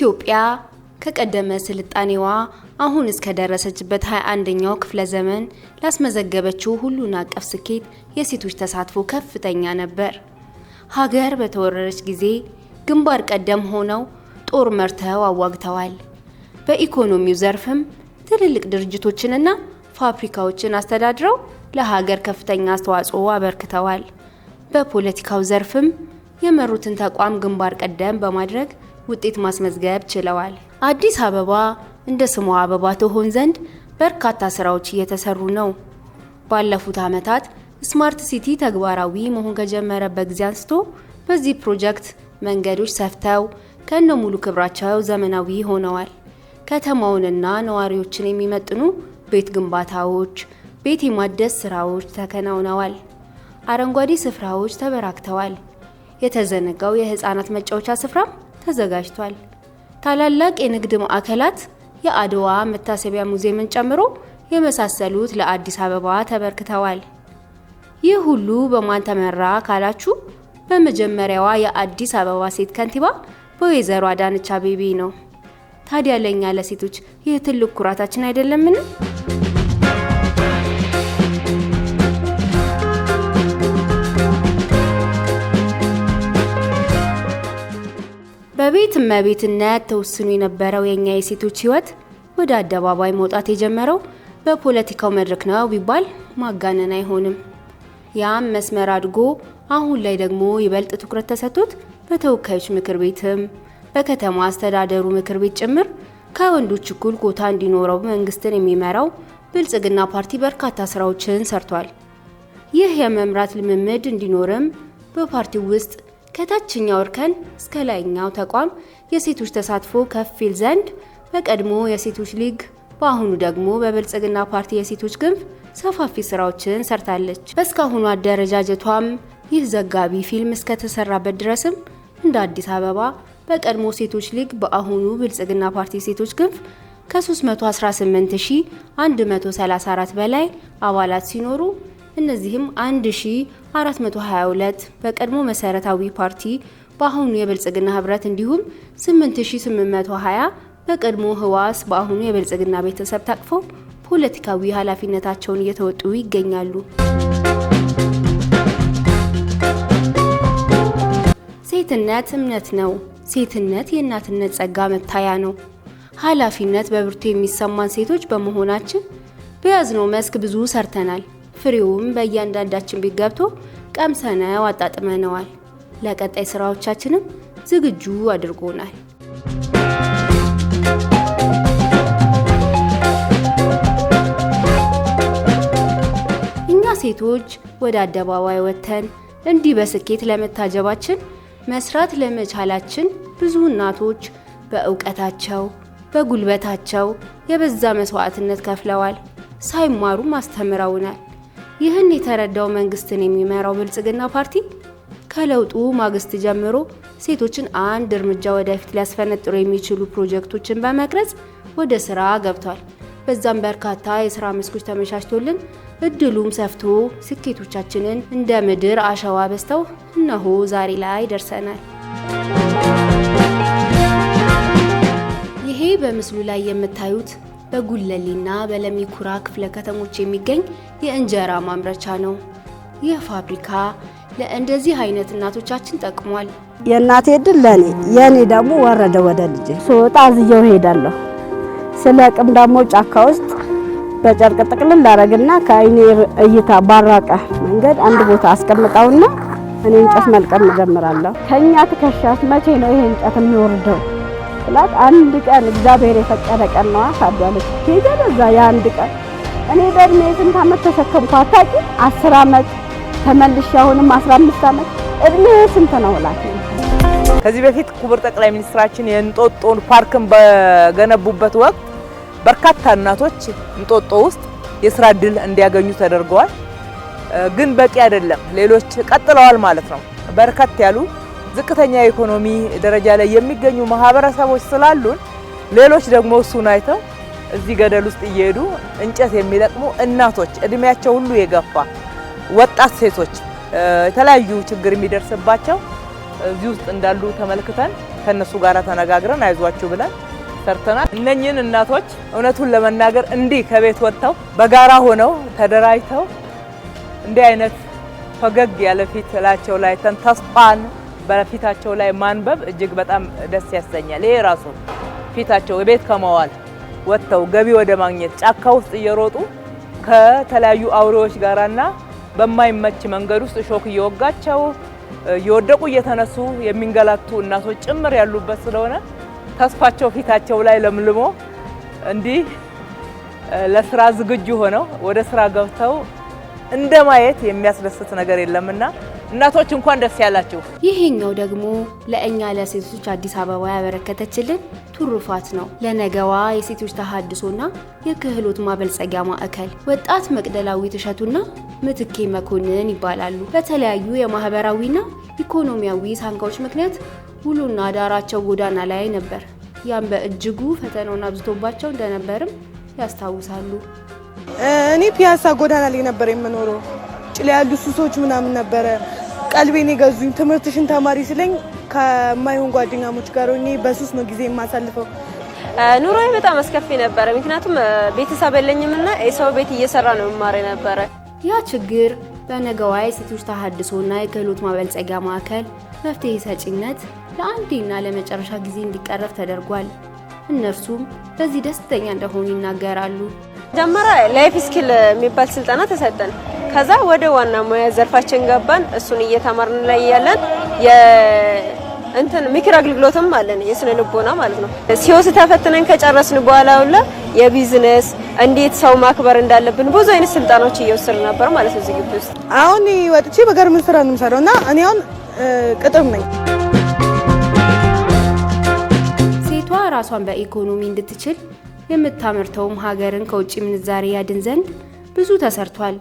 ኢትዮጵያ ከቀደመ ስልጣኔዋ አሁን እስከደረሰችበት 21ኛው ክፍለ ዘመን ላስመዘገበችው ሁሉን አቀፍ ስኬት የሴቶች ተሳትፎ ከፍተኛ ነበር። ሀገር በተወረረች ጊዜ ግንባር ቀደም ሆነው ጦር መርተው አዋግተዋል። በኢኮኖሚው ዘርፍም ትልልቅ ድርጅቶችንና ፋብሪካዎችን አስተዳድረው ለሀገር ከፍተኛ አስተዋጽኦ አበርክተዋል። በፖለቲካው ዘርፍም የመሩትን ተቋም ግንባር ቀደም በማድረግ ውጤት ማስመዝገብ ችለዋል። አዲስ አበባ እንደ ስሟ አበባ ትሆን ዘንድ በርካታ ስራዎች እየተሰሩ ነው። ባለፉት ዓመታት ስማርት ሲቲ ተግባራዊ መሆን ከጀመረበት ጊዜ አንስቶ በዚህ ፕሮጀክት መንገዶች ሰፍተው ከነ ሙሉ ክብራቸው ዘመናዊ ሆነዋል። ከተማውንና ነዋሪዎችን የሚመጥኑ ቤት ግንባታዎች፣ ቤት የማደስ ስራዎች ተከናውነዋል። አረንጓዴ ስፍራዎች ተበራክተዋል። የተዘነጋው የህፃናት መጫወቻ ስፍራም ተዘጋጅቷል። ታላላቅ የንግድ ማዕከላት የአድዋ መታሰቢያ ሙዚየምን ጨምሮ የመሳሰሉት ለአዲስ አበባ ተበርክተዋል። ይህ ሁሉ በማን ተመራ ካላችሁ በመጀመሪያዋ የአዲስ አበባ ሴት ከንቲባ በወይዘሮ አዳነች አቤቤ ነው። ታዲያ ለእኛ ለሴቶች ይህ ትልቅ ኩራታችን አይደለምን? በቤት እመቤትነት ተወስኖ የነበረው የእኛ የሴቶች ህይወት ወደ አደባባይ መውጣት የጀመረው በፖለቲካው መድረክ ነው ቢባል ማጋነን አይሆንም። ያም መስመር አድጎ አሁን ላይ ደግሞ ይበልጥ ትኩረት ተሰጥቶት በተወካዮች ምክር ቤትም በከተማ አስተዳደሩ ምክር ቤት ጭምር ከወንዶች እኩል ኮታ እንዲኖረው መንግስትን የሚመራው ብልጽግና ፓርቲ በርካታ ስራዎችን ሰርቷል። ይህ የመምራት ልምምድ እንዲኖርም በፓርቲው ውስጥ ከታችኛው እርከን እስከ ላይኛው ተቋም የሴቶች ተሳትፎ ከፍ ይል ዘንድ በቀድሞ የሴቶች ሊግ በአሁኑ ደግሞ በብልጽግና ፓርቲ የሴቶች ግንብ ሰፋፊ ስራዎችን ሰርታለች። በእስካሁኑ አደረጃጀቷም ይህ ዘጋቢ ፊልም እስከተሰራበት ድረስም እንደ አዲስ አበባ በቀድሞ ሴቶች ሊግ በአሁኑ ብልጽግና ፓርቲ ሴቶች ግንፍ ከ318134 በላይ አባላት ሲኖሩ እነዚህም 1422 በቀድሞ መሰረታዊ ፓርቲ በአሁኑ የብልጽግና ህብረት እንዲሁም 8820 በቀድሞ ህዋስ በአሁኑ የብልጽግና ቤተሰብ ታቅፈው ፖለቲካዊ ኃላፊነታቸውን እየተወጡ ይገኛሉ። ሴትነት እምነት ነው። ሴትነት የእናትነት ጸጋ መታያ ነው። ኃላፊነት በብርቱ የሚሰማን ሴቶች በመሆናችን በያዝነው መስክ ብዙ ሰርተናል። ፍሬውም በእያንዳንዳችን ቤት ገብቶ ቀምሰነው አጣጥመነዋል። ለቀጣይ ስራዎቻችንም ዝግጁ አድርጎናል። እኛ ሴቶች ወደ አደባባይ ወጥተን እንዲህ በስኬት ለመታጀባችን መስራት ለመቻላችን ብዙ እናቶች በእውቀታቸው በጉልበታቸው የበዛ መስዋዕትነት ከፍለዋል። ሳይማሩም አስተምረውናል። ይህን የተረዳው መንግስትን የሚመራው ብልጽግና ፓርቲ ከለውጡ ማግስት ጀምሮ ሴቶችን አንድ እርምጃ ወደፊት ሊያስፈነጥሩ የሚችሉ ፕሮጀክቶችን በመቅረጽ ወደ ስራ ገብቷል። በዛም በርካታ የስራ መስኮች ተመቻችቶልን እድሉም ሰፍቶ ስኬቶቻችንን እንደ ምድር አሸዋ በዝተው እነሆ ዛሬ ላይ ደርሰናል። ይሄ በምስሉ ላይ የምታዩት በጉለሌና በለሚኩራ ክፍለ ከተሞች የሚገኝ የእንጀራ ማምረቻ ነው። ይህ ፋብሪካ ለእንደዚህ አይነት እናቶቻችን ጠቅሟል። የእናቴ ድል ለእኔ የእኔ ደግሞ ወረደ ወደ ልጄ ስወጣ አዝየው ሄዳለሁ። ስለ ቅም ደግሞ ጫካ ውስጥ በጨርቅ ጥቅልል ላረግና ከአይኔ እይታ ባራቀ መንገድ አንድ ቦታ አስቀምጠውና እኔ እንጨት መልቀም እጀምራለሁ። ከእኛ ትከሻስ መቼ ነው ይሄ እንጨት የሚወርደው? ስላት አንድ ቀን እግዚአብሔር የፈቀደ ቀን ነዋ ታዲያለች። ሄደ በዛ የአንድ ቀን እኔ በእድሜ ስንት ዓመት ተሸከምኩ አታውቂም? አስር አመት ተመልሼ አሁንም አስራ አምስት አመት እድሜ ስንት ነው እላት። ከዚህ በፊት ክቡር ጠቅላይ ሚኒስትራችን የእንጦጦን ፓርክን በገነቡበት ወቅት በርካታ እናቶች እንጦጦ ውስጥ የስራ እድል እንዲያገኙ ተደርገዋል። ግን በቂ አይደለም። ሌሎች ቀጥለዋል ማለት ነው። በርከት ያሉ ዝቅተኛ የኢኮኖሚ ደረጃ ላይ የሚገኙ ማህበረሰቦች ስላሉን ሌሎች ደግሞ እሱን አይተው እዚህ ገደል ውስጥ እየሄዱ እንጨት የሚለቅሙ እናቶች፣ እድሜያቸው ሁሉ የገፋ ወጣት ሴቶች፣ የተለያዩ ችግር የሚደርስባቸው እዚህ ውስጥ እንዳሉ ተመልክተን ከእነሱ ጋር ተነጋግረን አይዟችሁ ብለን ሰርተናል። እነኝህን እናቶች እውነቱን ለመናገር እንዲህ ከቤት ወጥተው በጋራ ሆነው ተደራጅተው እንዲህ አይነት ፈገግ ያለ ፊት እላቸው ላይ ተስፋን በፊታቸው ላይ ማንበብ እጅግ በጣም ደስ ያሰኛል። ይሄ ራሱ ፊታቸው ቤት ከመዋል ወጥተው ገቢ ወደ ማግኘት ጫካ ውስጥ እየሮጡ ከተለያዩ አውሬዎች ጋራና በማይመች መንገድ ውስጥ እሾክ እየወጋቸው እየወደቁ እየተነሱ የሚንገላቱ እናቶች ጭምር ያሉበት ስለሆነ ተስፋቸው ፊታቸው ላይ ለምልሞ እንዲህ ለስራ ዝግጁ ሆነው ወደ ስራ ገብተው እንደማየት የሚያስደስት ነገር የለምና እናቶች እንኳን ደስ ያላችሁ። ይሄኛው ደግሞ ለእኛ ለሴቶች አዲስ አበባ ያበረከተችልን ትሩፋት ነው። ለነገዋ የሴቶች ተሃድሶና የክህሎት ማበልጸጊያ ማዕከል ወጣት መቅደላዊ ትሸቱና ምትኬ መኮንን ይባላሉ። በተለያዩ የማህበራዊና ኢኮኖሚያዊ ሳንካዎች ምክንያት ውሉና ዳራቸው ጎዳና ላይ ነበር። ያም በእጅጉ ፈተናውን አብዝቶባቸው እንደነበርም ያስታውሳሉ። እኔ ፒያሳ ጎዳና ላይ ነበር የምኖረው። ጭላ ያሉ ሱሶች ምናምን ነበረ ቀልቤን የገዙኝ ትምህርትሽን ተማሪ ስለኝ ከማይሆን ጓደኛሞች ጋር ሆኜ በሱስ ነው ጊዜ የማሳልፈው። ኑሮዬ በጣም አስከፊ ነበረ። ምክንያቱም ቤተሰብ የለኝም እና የሰው ቤት እየሰራ ነው የምማር ነበረ። ያ ችግር በነገዋይ ሴቶች ተሃድሶና የክህሎት ማበልጸጊያ ማዕከል መፍትሄ ሰጪነት ለአንዴና ለመጨረሻ ጊዜ እንዲቀረፍ ተደርጓል። እነርሱም በዚህ ደስተኛ እንደሆኑ ይናገራሉ። ጀመረ ላይፍ ስኪል የሚባል ስልጠና ተሰጠን። ከዛ ወደ ዋና ሙያ ዘርፋችን ገባን። እሱን እየተማርን ላይ ያለን እንትን ምክር አገልግሎትም አለን የስነ ልቦና ማለት ነው። ሲወስ ተፈትነን ከጨረስን በኋላ ሁላ የቢዝነስ እንዴት ሰው ማክበር እንዳለብን ብዙ አይነት ስልጣኖች እየወሰድን ነበር ማለት ነው እዚህ ግቢ ውስጥ። አሁን ወጥቼ ምን ስራ ነው የምሰራው እና እኔ አሁን ቅጥር ነኝ። ሴቷ ራሷን በኢኮኖሚ እንድትችል የምታመርተውም ሀገርን ከውጭ ምንዛሬ ያድን ዘንድ ብዙ ተሰርቷል።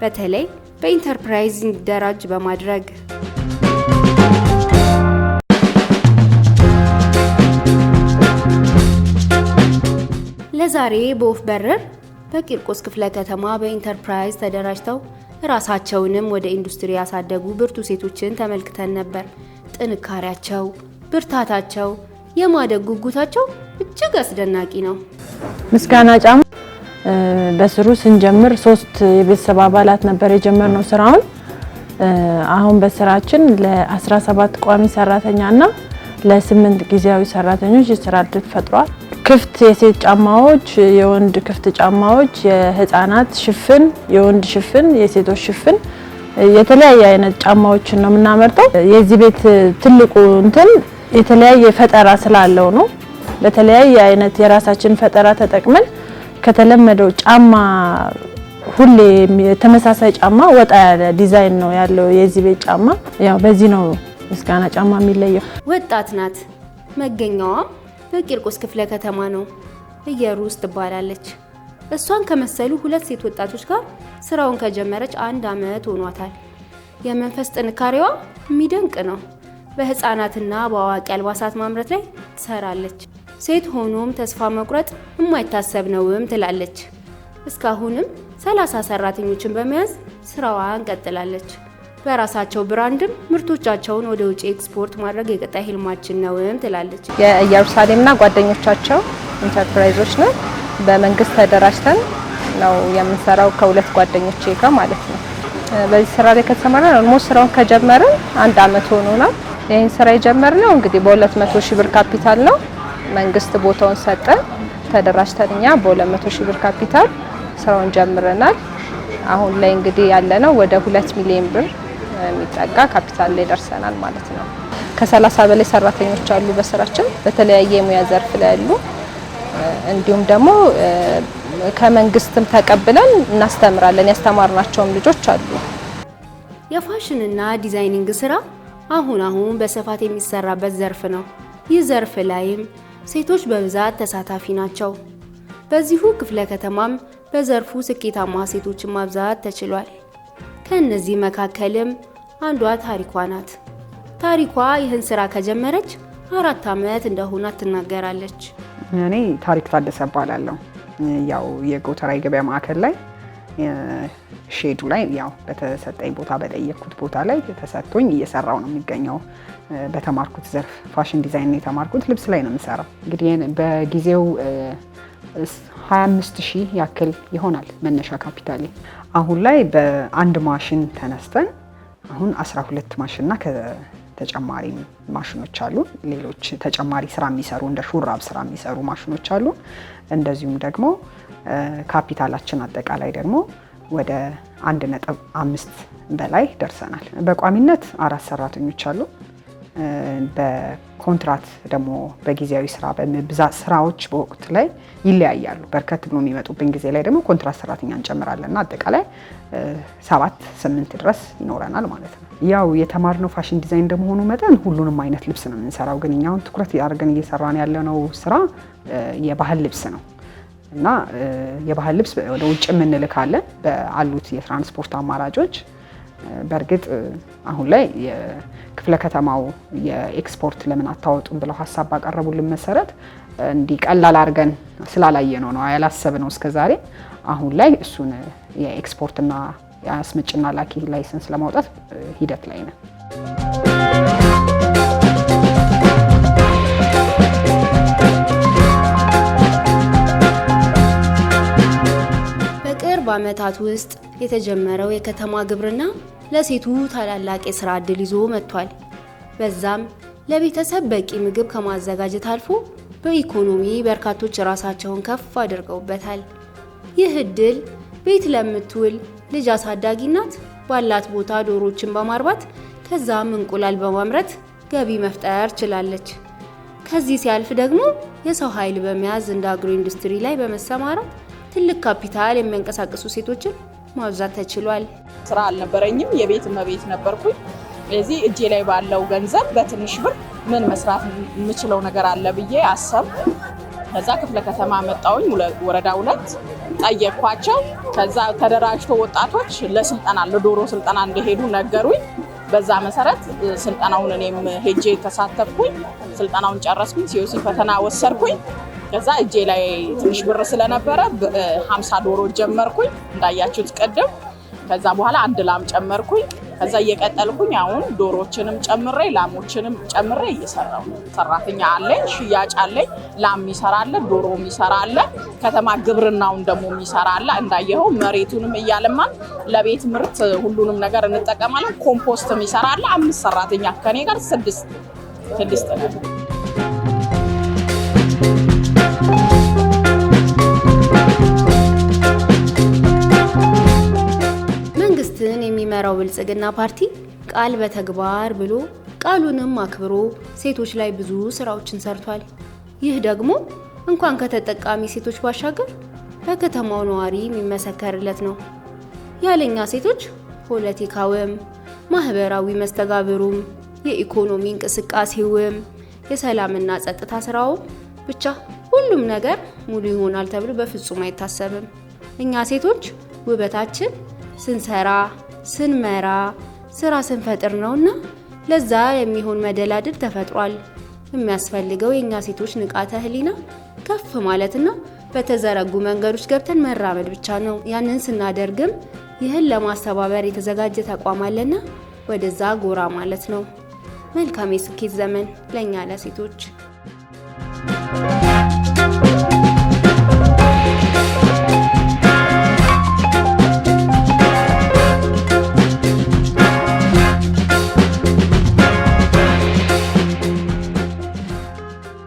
በተለይ በኢንተርፕራይዝ እንዲደራጅ በማድረግ ለዛሬ በወፍ በረር በቂርቆስ ክፍለ ከተማ በኢንተርፕራይዝ ተደራጅተው ራሳቸውንም ወደ ኢንዱስትሪ ያሳደጉ ብርቱ ሴቶችን ተመልክተን ነበር። ጥንካሬያቸው፣ ብርታታቸው፣ የማደግ ጉጉታቸው እጅግ አስደናቂ ነው። ምስጋና ጫማ በስሩ ስንጀምር ሶስት የቤተሰብ አባላት ነበር የጀመርነው ስራውን። አሁን በስራችን ለ17 ቋሚ ሰራተኛ እና ለስምንት ጊዜያዊ ሰራተኞች የስራ እድል ፈጥሯል። ክፍት የሴት ጫማዎች፣ የወንድ ክፍት ጫማዎች፣ የህፃናት ሽፍን፣ የወንድ ሽፍን፣ የሴቶች ሽፍን የተለያየ አይነት ጫማዎችን ነው የምናመርተው። የዚህ ቤት ትልቁ እንትን የተለያየ ፈጠራ ስላለው ነው። በተለያየ አይነት የራሳችን ፈጠራ ተጠቅመን ከተለመደው ጫማ ሁሌ ተመሳሳይ ጫማ ወጣ ያለ ዲዛይን ነው ያለው የዚህ ቤት ጫማ። ያው በዚህ ነው ምስጋና ጫማ የሚለየው። ወጣት ናት። መገኛዋ በቂርቆስ ክፍለ ከተማ ነው። እየሩስ ትባላለች። እሷን ከመሰሉ ሁለት ሴት ወጣቶች ጋር ስራውን ከጀመረች አንድ አመት ሆኗታል። የመንፈስ ጥንካሬዋ የሚደንቅ ነው። በህፃናትና በአዋቂ አልባሳት ማምረት ላይ ትሰራለች። ሴት ሆኖም ተስፋ መቁረጥ የማይታሰብ ነውም ትላለች። እስካሁንም ሰላሳ ሰራተኞችን በመያዝ ስራዋን ቀጥላለች። በራሳቸው ብራንድም ምርቶቻቸውን ወደ ውጭ ኤክስፖርት ማድረግ የቀጣይ ህልማችን ነውም ትላለች። የኢየሩሳሌምና ጓደኞቻቸው ኢንተርፕራይዞች ነው። በመንግስት ተደራጅተን ነው የምንሰራው ከሁለት ጓደኞቼ ጋር ማለት ነው። በዚህ ስራ ላይ ከተሰማራን ኦልሞስት ስራውን ከጀመርን አንድ አመት ሆኖናል። ይህን ስራ የጀመርነው እንግዲህ በ መቶ ሺህ ብር ካፒታል ነው መንግስት ቦታውን ሰጠ። ተደራጅተን እኛ በ200 ሺህ ብር ካፒታል ስራውን ጀምረናል። አሁን ላይ እንግዲህ ያለነው ወደ 2 ሚሊዮን ብር የሚጠጋ ካፒታል ላይ ደርሰናል ማለት ነው። ከ30 በላይ ሰራተኞች አሉ በስራችን በተለያየ የሙያ ዘርፍ ላይ ያሉ እንዲሁም ደግሞ ከመንግስትም ተቀብለን እናስተምራለን። ያስተማርናቸውም ልጆች አሉ። የፋሽንና ዲዛይኒንግ ስራ አሁን አሁን በስፋት የሚሰራበት ዘርፍ ነው። ይህ ዘርፍ ላይም ሴቶች በብዛት ተሳታፊ ናቸው። በዚሁ ክፍለ ከተማም በዘርፉ ስኬታማ ሴቶችን ማብዛት ተችሏል። ከእነዚህ መካከልም አንዷ ታሪኳ ናት። ታሪኳ ይህን ስራ ከጀመረች አራት ዓመት እንደሆናት ትናገራለች። እኔ ታሪክ ታደሰ እባላለሁ። ያው የጎተራ የገበያ ማዕከል ላይ ሼዱ ላይ ያው በተሰጠኝ ቦታ በጠየቅኩት ቦታ ላይ ተሰጥቶኝ እየሰራው ነው የሚገኘው። በተማርኩት ዘርፍ ፋሽን ዲዛይን ነው የተማርኩት። ልብስ ላይ ነው የምሰራው። እንግዲህ በጊዜው 25 ሺህ ያክል ይሆናል መነሻ ካፒታሌ። አሁን ላይ በአንድ ማሽን ተነስተን አሁን 12 ማሽንና ተጨማሪ ማሽኖች አሉ። ሌሎች ተጨማሪ ስራ የሚሰሩ እንደ ሹራብ ስራ የሚሰሩ ማሽኖች አሉ። እንደዚሁም ደግሞ ካፒታላችን አጠቃላይ ደግሞ ወደ 1.5 በላይ ደርሰናል። በቋሚነት አራት ሰራተኞች አሉ። በኮንትራት ደግሞ በጊዜያዊ ስራ በብዛት ስራዎች በወቅት ላይ ይለያያሉ። በርከት ብሎ የሚመጡብን ጊዜ ላይ ደግሞ ኮንትራት ሰራተኛ እንጨምራለን እና አጠቃላይ ሰባት ስምንት ድረስ ይኖረናል ማለት ነው። ያው የተማርነው ፋሽን ዲዛይን እንደመሆኑ መጠን ሁሉንም አይነት ልብስ ነው የምንሰራው። ግን እኛውን ትኩረት አድርገን እየሰራን ያለነው ስራ የባህል ልብስ ነው። እና የባህል ልብስ ወደ ውጭ የምንልካለን በአሉት የትራንስፖርት አማራጮች። በእርግጥ አሁን ላይ የክፍለ ከተማው የኤክስፖርት ለምን አታወጡም ብለው ሀሳብ ባቀረቡልን መሰረት እንዲህ ቀላል አድርገን ስላላየ ነው ነው ያላሰብነው እስከዛሬ። አሁን ላይ እሱን የኤክስፖርትና የአስመጭና ላኪ ላይሰንስ ለማውጣት ሂደት ላይ ነን። በቅርብ ዓመታት ውስጥ የተጀመረው የከተማ ግብርና ለሴቱ ታላላቅ የሥራ ዕድል ይዞ መጥቷል። በዛም ለቤተሰብ በቂ ምግብ ከማዘጋጀት አልፎ በኢኮኖሚ በርካቶች ራሳቸውን ከፍ አድርገውበታል። ይህ ዕድል ቤት ለምትውል ልጅ አሳዳጊ ባላት ቦታ ዶሮችን በማርባት ከዛም እንቁላል በማምረት ገቢ መፍጠር ችላለች። ከዚህ ሲያልፍ ደግሞ የሰው ኃይል በመያዝ እንደ አግሮ ኢንዱስትሪ ላይ በመሰማራት ትልቅ ካፒታል የሚያንቀሳቅሱ ሴቶችን ማብዛት ተችሏል። ስራ አልነበረኝም፣ የቤት እመቤት ነበርኩኝ። ስለዚህ እጄ ላይ ባለው ገንዘብ በትንሽ ብር ምን መስራት የምችለው ነገር አለ ብዬ አሰብ። ከዛ ክፍለ ከተማ መጣውኝ ወረዳ ሁለት ጠየቅኳቸው። ከዛ ተደራጅቶ ወጣቶች ለስልጠና ለዶሮ ስልጠና እንደሄዱ ነገሩኝ። በዛ መሰረት ስልጠናውን እኔም ሄጄ ተሳተፍኩኝ። ስልጠናውን ጨረስኩኝ። ሲዮሲ ፈተና ወሰድኩኝ። ከዛ እጄ ላይ ትንሽ ብር ስለነበረ ሀምሳ ዶሮ ጀመርኩኝ እንዳያችሁት ቅድም። ከዛ በኋላ አንድ ላም ጨመርኩኝ። ከዛ እየቀጠልኩኝ አሁን ዶሮችንም ጨምሬ ላሞችንም ጨምሬ እየሰራው ሰራተኛ አለኝ፣ ሽያጭ አለኝ። ላም ይሰራለ፣ ዶሮ ይሰራለ፣ ከተማ ግብርናውን ደግሞ ይሰራለ። እንዳየኸው መሬቱንም እያለማን ለቤት ምርት ሁሉንም ነገር እንጠቀማለን። ኮምፖስትም ይሰራለ። አምስት ሰራተኛ ከኔ ጋር ስድስት ስድስት ነው። የሚመራው ብልጽግና ፓርቲ ቃል በተግባር ብሎ ቃሉንም አክብሮ ሴቶች ላይ ብዙ ስራዎችን ሰርቷል። ይህ ደግሞ እንኳን ከተጠቃሚ ሴቶች ባሻገር በከተማው ነዋሪ የሚመሰከርለት ነው። ያለኛ ሴቶች ፖለቲካውም፣ ማህበራዊ መስተጋብሩም፣ የኢኮኖሚ እንቅስቃሴውም፣ የሰላምና ጸጥታ ስራውም ብቻ ሁሉም ነገር ሙሉ ይሆናል ተብሎ በፍጹም አይታሰብም። እኛ ሴቶች ውበታችን ስንሰራ ስንመራ፣ ስራ ስንፈጥር ነውና ለዛ የሚሆን መደላድል ተፈጥሯል። የሚያስፈልገው የእኛ ሴቶች ንቃተ ህሊና ከፍ ማለትና በተዘረጉ መንገዶች ገብተን መራመድ ብቻ ነው። ያንን ስናደርግም ይህን ለማስተባበር የተዘጋጀ ተቋም አለና ወደዛ ጎራ ማለት ነው። መልካም የስኬት ዘመን ለእኛ ለሴቶች